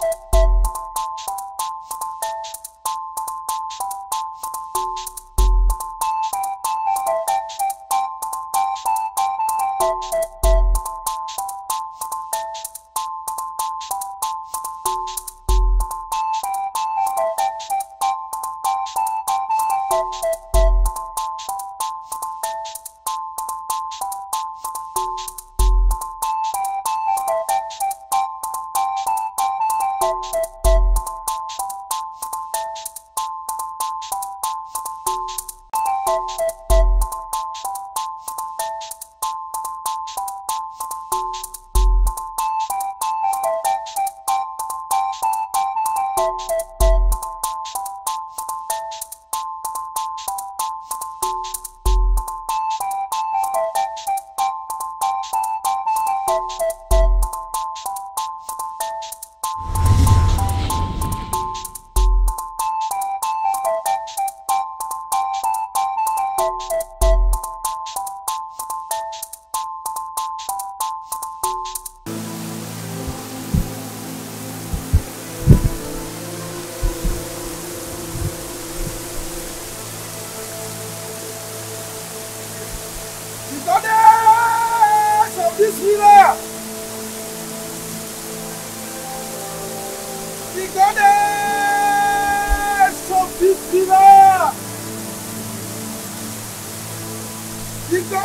thank you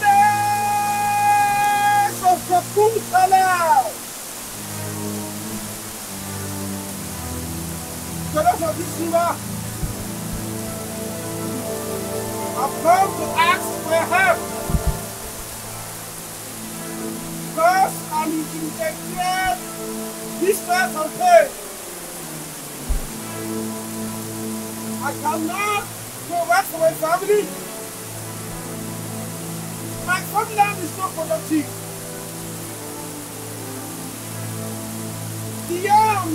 Johannes auf der Punktverlauf! Könnt ihr mal wissen, was? Abkommen zu Axt bei Hand! Kurs an die I cannot go back to my family! my homeland is not productive. The arm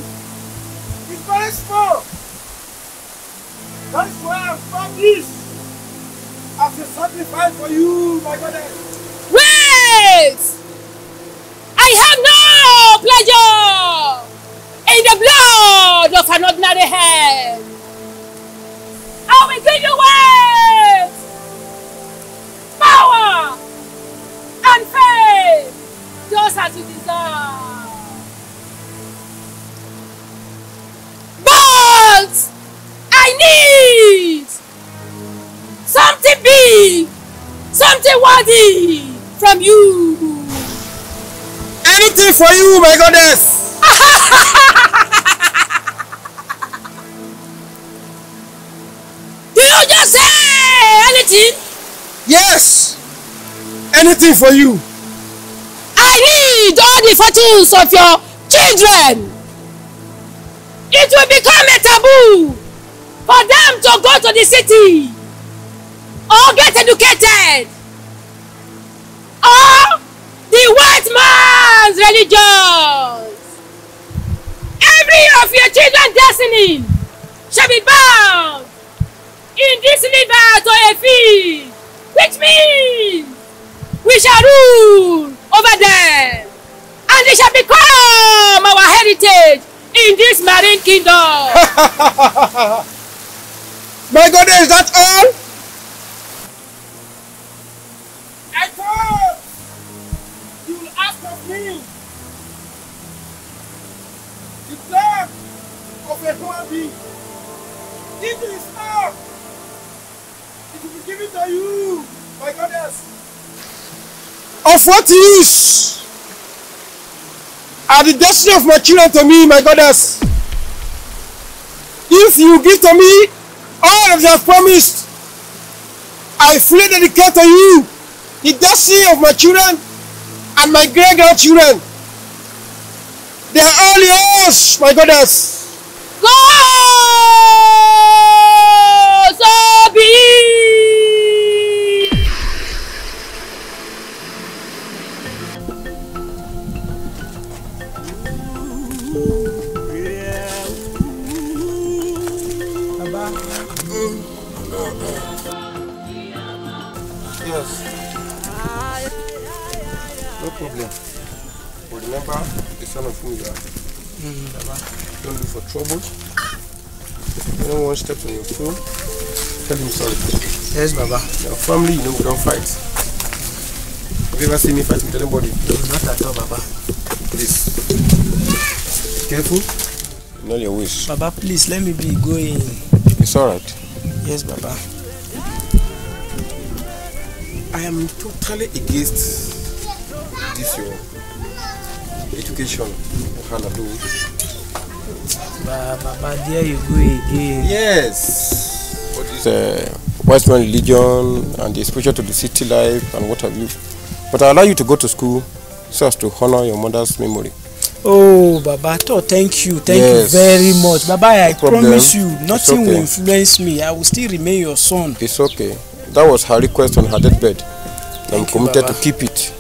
is very small. That is why I found this as a sacrifice for you, my goddess. Wait! you, oh my goddess! Did you just say anything? Yes! Anything for you. I need all the fortunes of your children. It will become a taboo for them to go to the city or get educated or the white man children's religions. Every of your children's destiny shall be bound in this liver to a field, which means we shall rule over them, and they shall become our heritage in this marine kingdom. My goodness, that's all? life of a human being. Into is not. It will be given to you, my goddess. Of what use are the destiny of my children to me, my goddess? If you give to me all that you have promised, I freely dedicate to you the destiny of my children and my great grandchildren. They are all yours, my goddess. Go, Sobi! Baba. Yes. No problem. But remember, the son of whom you are. Mm. Mm-hmm. Don't look for trouble. You don't want step on your foot. Tell him sorry. Yes, Baba. Your family, you know, we don't fight. Have you ever seen me fight with anybody? No, not at all, Baba. Please. Be careful. Not your wish. Baba, please, let me be going. It's alright. Yes, Baba. I am totally against education. But Papa there you go again. Yes. What is the uh, Western religion and the exposure to the city life and what have you. But I allow you to go to school so as to honor your mother's memory. Oh, Baba, Toh, thank you. Thank yes. you very much. Baba, I no promise you, nothing okay. will influence me. I will still remain your son. It's okay. That was her request on her deathbed. Thank I'm you, committed Baba. to keep it.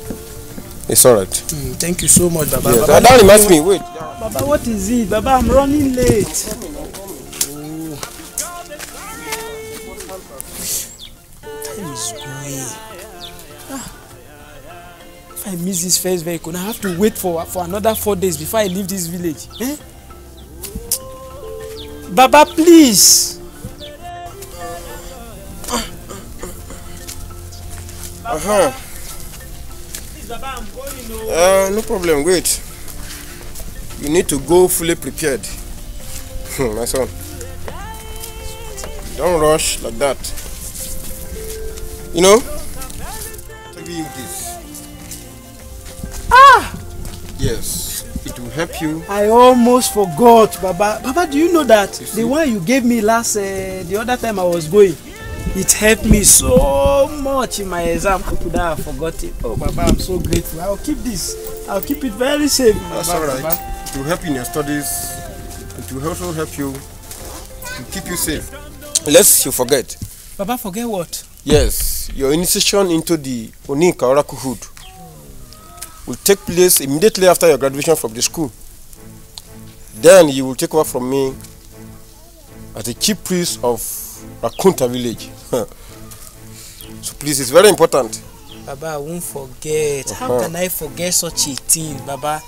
It's all right. Mm, thank you so much, Baba. Baba that reminds me, wait. Baba, what is it? Baba, I'm running late. Oh, time is going. Ah, if I miss this first vehicle, I have to wait for, for another four days before I leave this village. Eh? Baba, please. Uh-huh. Uh, no problem, wait. You need to go fully prepared. My son. Don't rush like that. You know? I'll give this. Ah! Yes, it will help you. I almost forgot, Baba. Baba, do you know that you the one you gave me last, uh, the other time I was going? It helped me so much in my exam. How could I have forgotten? Oh, Baba, I'm so grateful. I'll keep this. I'll keep it very safe. That's Baba, all right. Baba. It will help in your studies. It will also help you to keep you safe. Lest you forget. Baba, forget what? Yes, your initiation into the Onika Oracle Hood will take place immediately after your graduation from the school. Then you will take over from me as the chief priest of Rakunta village. so please, it's very important. Baba, I won't forget. Uh -huh. How uh-huh. can I forget such a thing, Baba?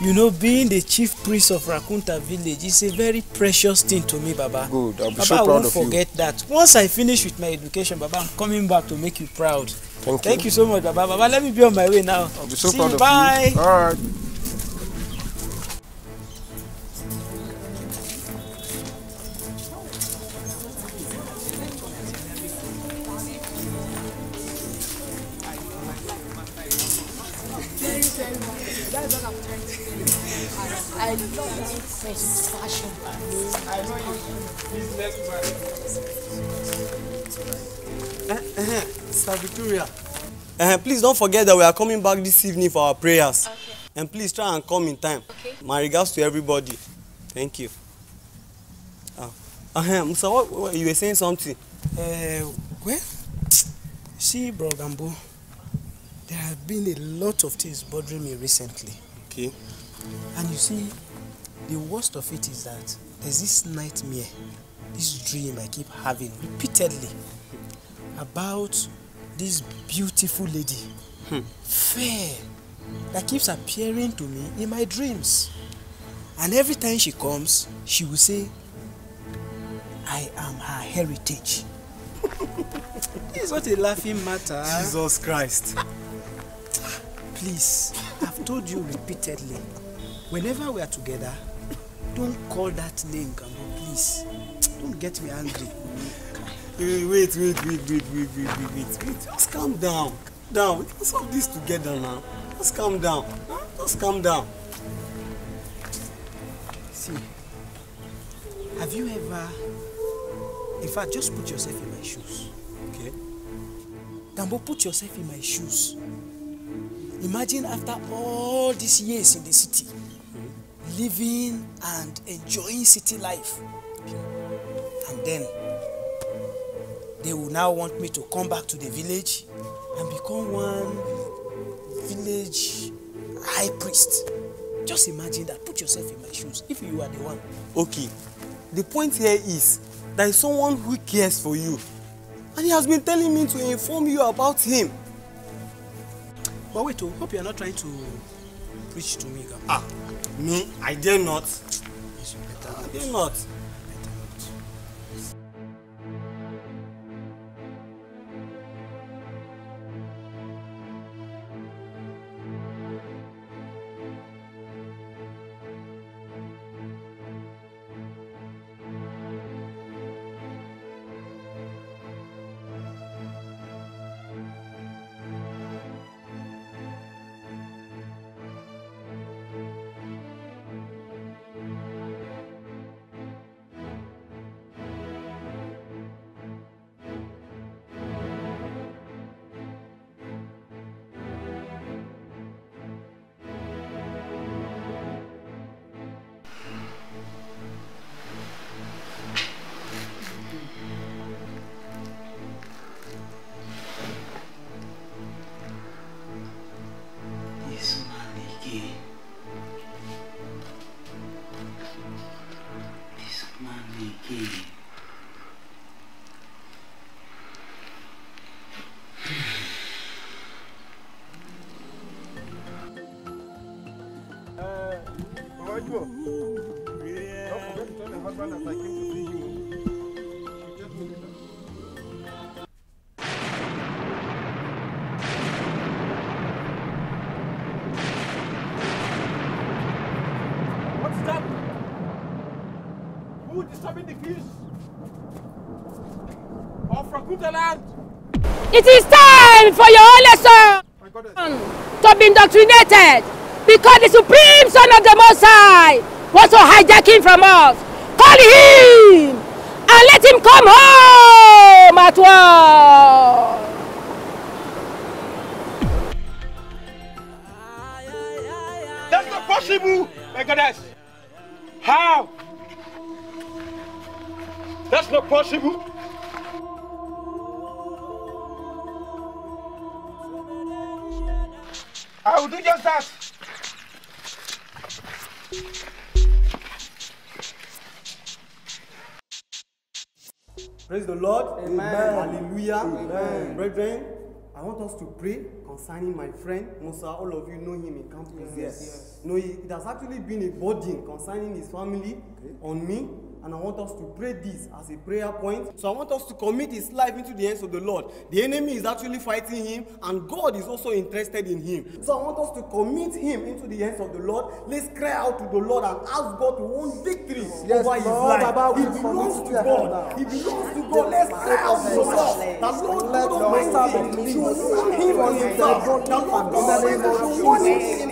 You know, being the chief priest of Rakunta village is a very precious thing to me, Baba. Good, I'll be Baba, so proud of you. I won't forget that. Once I finish with my education, Baba, I'm coming back to make you proud. Thank, you. Thank you so much, Baba. Baba, let me be on my way now. I'll be so See proud you. of Bye. you. Bye. All right. don't forget that we are coming back this evening for our prayers. Okay. And please try and come in time. Okay. My regards to everybody. Thank you. Uh, uh Musa, what, what, you were saying something. Uh, well, see, bro Gambo, there have been a lot of things bothering me recently. Okay. And you see, the worst of it is that there's this nightmare, this dream I keep having repeatedly about this beautiful lady. Hmm. Fair. That keeps appearing to me in my dreams. And every time she comes, she will say, I am her heritage. this is not a laughing matter. Ah. Jesus Christ. Please, I've told you repeatedly. Whenever we are together, don't call that name, Gambo, please. Don't get me angry wait, wait, wait, wait, wait, wait, wait, wait, wait. Just calm down. Down. We can solve this together now. Just calm down. Just calm down. See, have you ever, in fact, just put yourself in my shoes, okay? Dambo, put yourself in my shoes. Imagine after all these years in the city, mm-hmm. living and enjoying city life. And then they will now want me to come back to the village and become one village high priest. Just imagine that. Put yourself in my shoes if you are the one. Okay. The point here is there is someone who cares for you and he has been telling me to inform you about him. But wait, oh, hope you are not trying to preach to me. Gama. Ah, me? I dare not. I dare not. What's that? Who disturbing the peace of Rakutaland? It is time for your holy son to be indoctrinated because the supreme son of the Most High was so hijacking from us. Call him and let him come home at once. That's not possible, my goddess. How? That's not possible. I will do just that. Praise the Lord. Amen. Amen. Hallelujah. Amen. Brethren, I want us to pray concerning my friend Musa. All of you know him in campus. Yes. yes. yes. No, it has actually been a burden concerning his family okay. on me and I want us to pray this as a prayer point. So I want us to commit his life into the hands of the Lord. The enemy is actually fighting him, and God is also interested in him. So I want us to commit him into the hands of the Lord. Let's cry out to the Lord and ask God to win victory yes, over his Lord, life. Baba, he belongs to God. He belongs to God. Let's cry out to the Lord. That Lord God Almighty should won him for himself. That Lord God Almighty should won him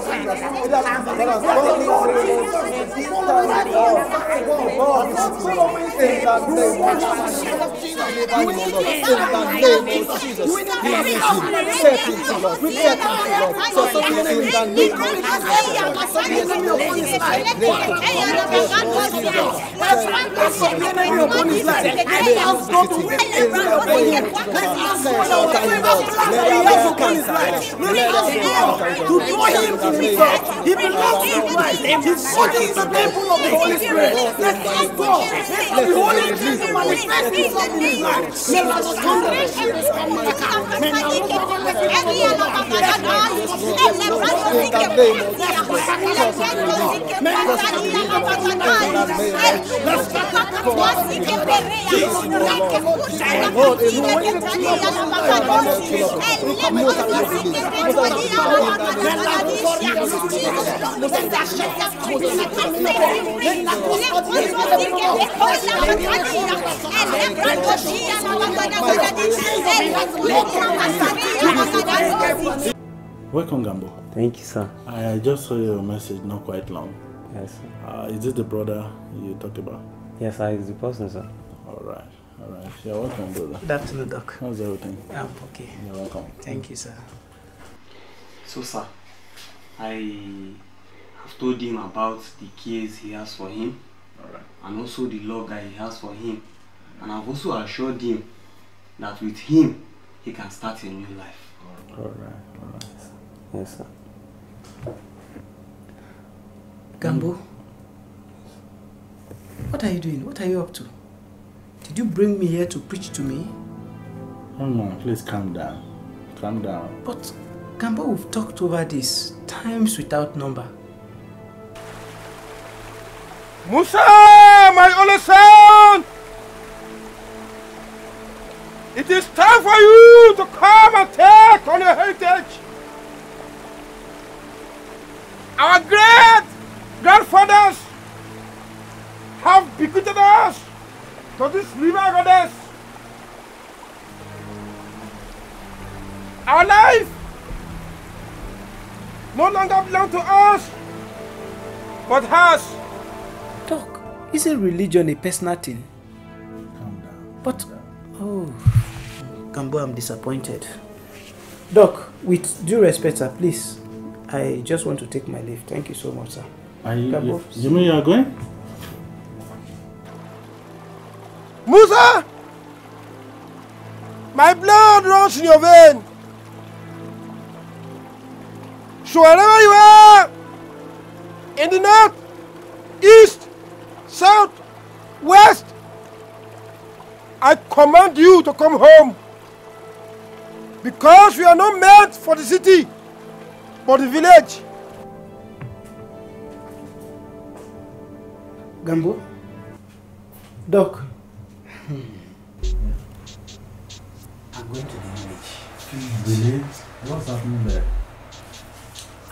Let us go to him He belongs to Christ. What is the temple of the Holy Spirit? Let us go. Let the Holy Spirit manifest himself in his life. Let us come to the Let's Welcome, Gambo. Thank you, sir. I just saw your message not quite long. Yes. Uh, is this the brother you talked about? Yes, I is the person, sir. All right. All right. You're welcome, brother. Good afternoon, Doc. How's everything? I'm okay. You're welcome. Thank you, sir. So, sir, I have told him about the case he has for him right. and also the law guy he has for him. And I've also assured him that with him, he can start a new life. Alright, alright, Yes, sir. Gambo, what are you doing? What are you up to? Did you bring me here to preach to me? No, no, please calm down. Calm down. But Gambo, we've talked over this times without number. Musa, my only son! It is time for you to come and take on your heritage. Our great grandfathers have bequeathed us to this river goddess. Our life no longer belong to us, but hers. Doc, Isn't religion a personal thing? Calm down. But, oh. Gambo, I'm disappointed. Doc, with due respect, sir, please. I just want to take my leave. Thank you so much, sir. Are you, Gambo, you, you mean you are going? Musa! My blood runs in your veins. So wherever you are, in the north, east, south, west, I command you to come home. Because we are not meant for the city, but the village. Gambo? Doc? Hmm. I'm going to the village. Village? What's happening there?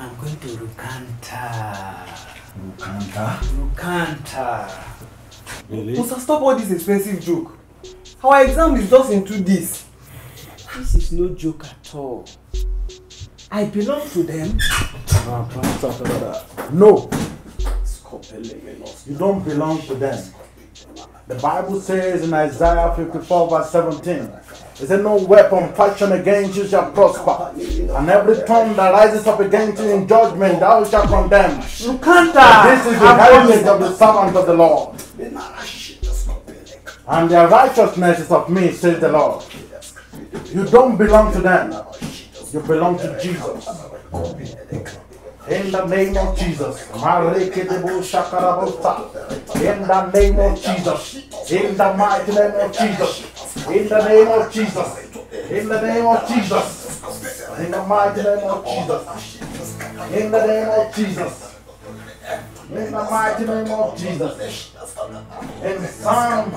I'm going to Rukanta. Rukanta. Rukanta. Really? Musa, stop all this expensive joke. Our exam is just into this. This is no joke at all. I belong to them. No. You don't belong to them. The Bible says in Isaiah 54 verse 17, is there no weapon fashioned against you shall prosper. And every tongue that rises up against you in judgment, thou shalt condemn. This is the heritage of the servant of the Lord. And their righteousness is of me, says the Lord. You don't belong to them. You belong to Jesus. In the name of Jesus. In the name of Jesus. In the mighty name of Jesus. In the name of Jesus. In the name of Jesus. In the mighty name of Jesus. In the name of Jesus. In the mighty name of Jesus. In Psalm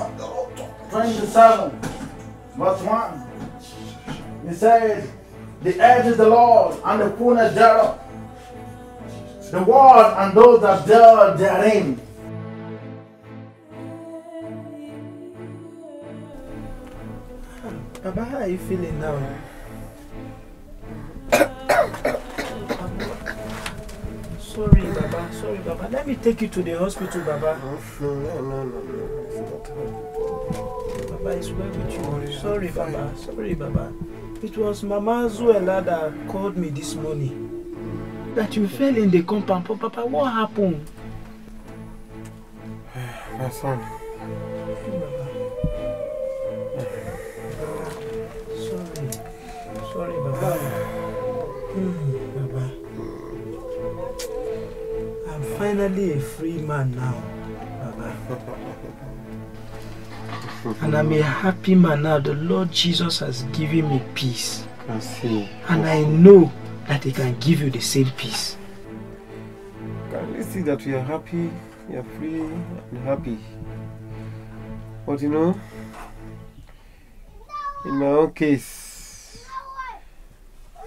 27, verse 1, it says, The earth is the Lord and the fullness thereof, the world and those that dwell therein. Baba, how are you feeling now? Sorry, Baba. Sorry, Baba. Let me take you to the hospital, Baba. No, no, no, no. It's not happening. Baba is well with you. Sorry, Sorry Baba. Sorry, Baba. It was Mama Zuela that called me this morning. That you fell in the compound. Papa, what happened? My son. Sorry. Sorry, Baba. Mm. finally a free man now, Baba. and I'm a happy man now. The Lord Jesus has given me peace. I see. And I know that He can give you the same peace. Can you see that we are happy, we are free and happy? But you know, in my own case,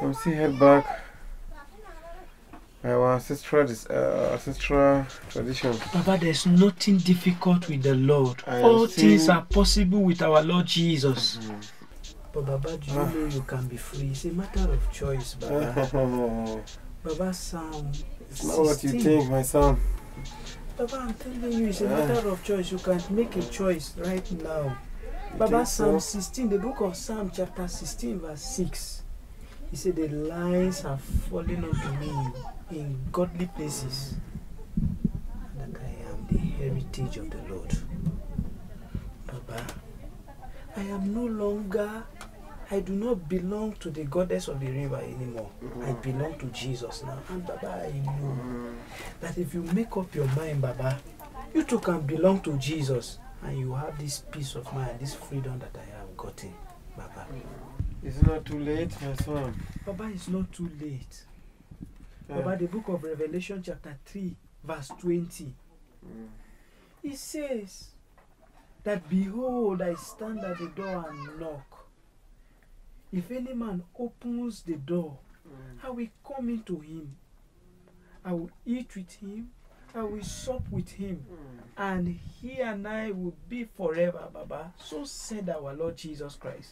I'm still held back Eh, our ancestral, uh, ancestral tradition. Baba, there's nothing difficult with the Lord. I All things are possible with our Lord Jesus. Mm -hmm. But Baba, do you ah. know you can be free? It's a matter of choice, Baba. Baba, Psalm. It's 16. what you think, my son. Baba, I'm telling you, it's a ah. matter of choice. You can make a choice right now. You Baba, Psalm so? 16, the book of Psalm, chapter 16, verse 6. He said, The lines are falling to me. in godly places that I am the heritage of the Lord. Baba, I am no longer, I do not belong to the goddess of the river anymore. I mm-hmm. belong to Jesus now. And Baba, I know mm-hmm. that if you make up your mind, Baba, you too can belong to Jesus and you have this peace of mind, this freedom that I have gotten, Baba. Mm. It's not too late, my son. Baba, it's not too late yeah. about the book of Revelation, chapter 3, verse 20. Mm. It says that, Behold, I stand at the door and knock. If any man opens the door, mm. I will come into him. I will eat with him. I will sup with him. Mm. And he and I will be forever, Baba. So said our Lord Jesus Christ.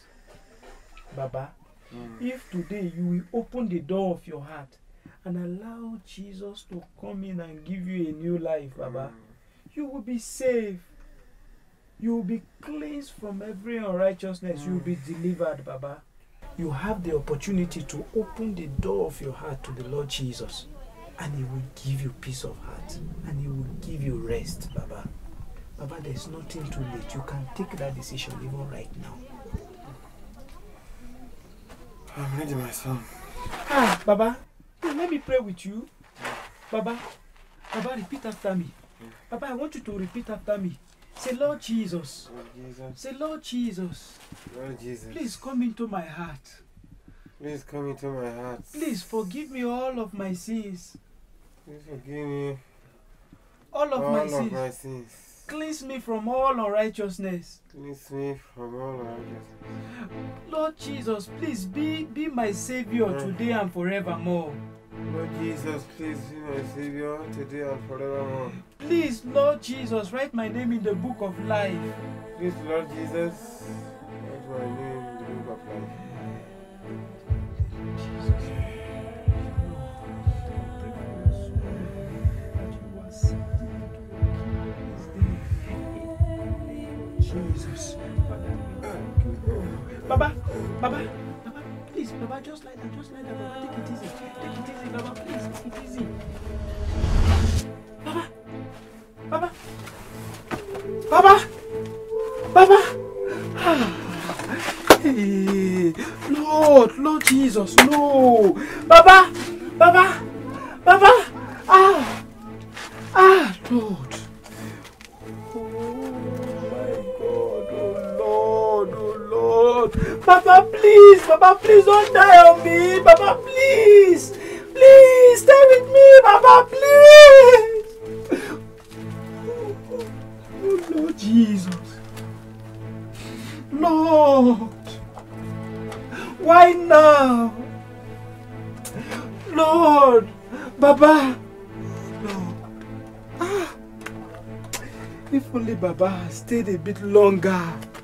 Baba, mm. if today you will open the door of your heart, and allow Jesus to come in and give you a new life, Baba, mm. you will be saved. You will be cleansed from every unrighteousness. Mm. You will be mm. delivered, Baba. You have the opportunity to open the door of your heart to the Lord Jesus, and He will give you peace of heart and He will give you rest, Baba. Baba, there's nothing too late. You can take that decision even right now. I'm ready, my son. Ah, Baba, Please let me pray with you. Baba, Baba, repeat after me. Baba, I want you to repeat after me. Say, Lord Jesus. Lord Jesus. Say, Lord Jesus. Lord Jesus. Please come into my heart. Please come into my heart. Please forgive me all of my sins. Please forgive me all of, all my, of sins. my sins. Cleanse me from all unrighteousness. Cleanse me from all unrighteousness. Lord Jesus, please be, be my Savior today and forevermore. Lord Jesus, please be my Savior today and forevermore. Please, Lord Jesus, write my name in the book of life. Please, Lord Jesus, write my name in the book of life. Jesus. Baba, Baba, please, Baba, just like that, just like that, Baba. Take it easy. Take it easy, Baba, please. Take it easy. Baba! Baba! Baba! Baba! Lord, Lord Jesus, no! Baba! Papa, please don't die on me. Papa, please. Please, stay with me, Papa, please. Oh, Lord Jesus. Lord. Why now? Lord. Baba. Lord. Ah. If only Baba stayed a bit longer.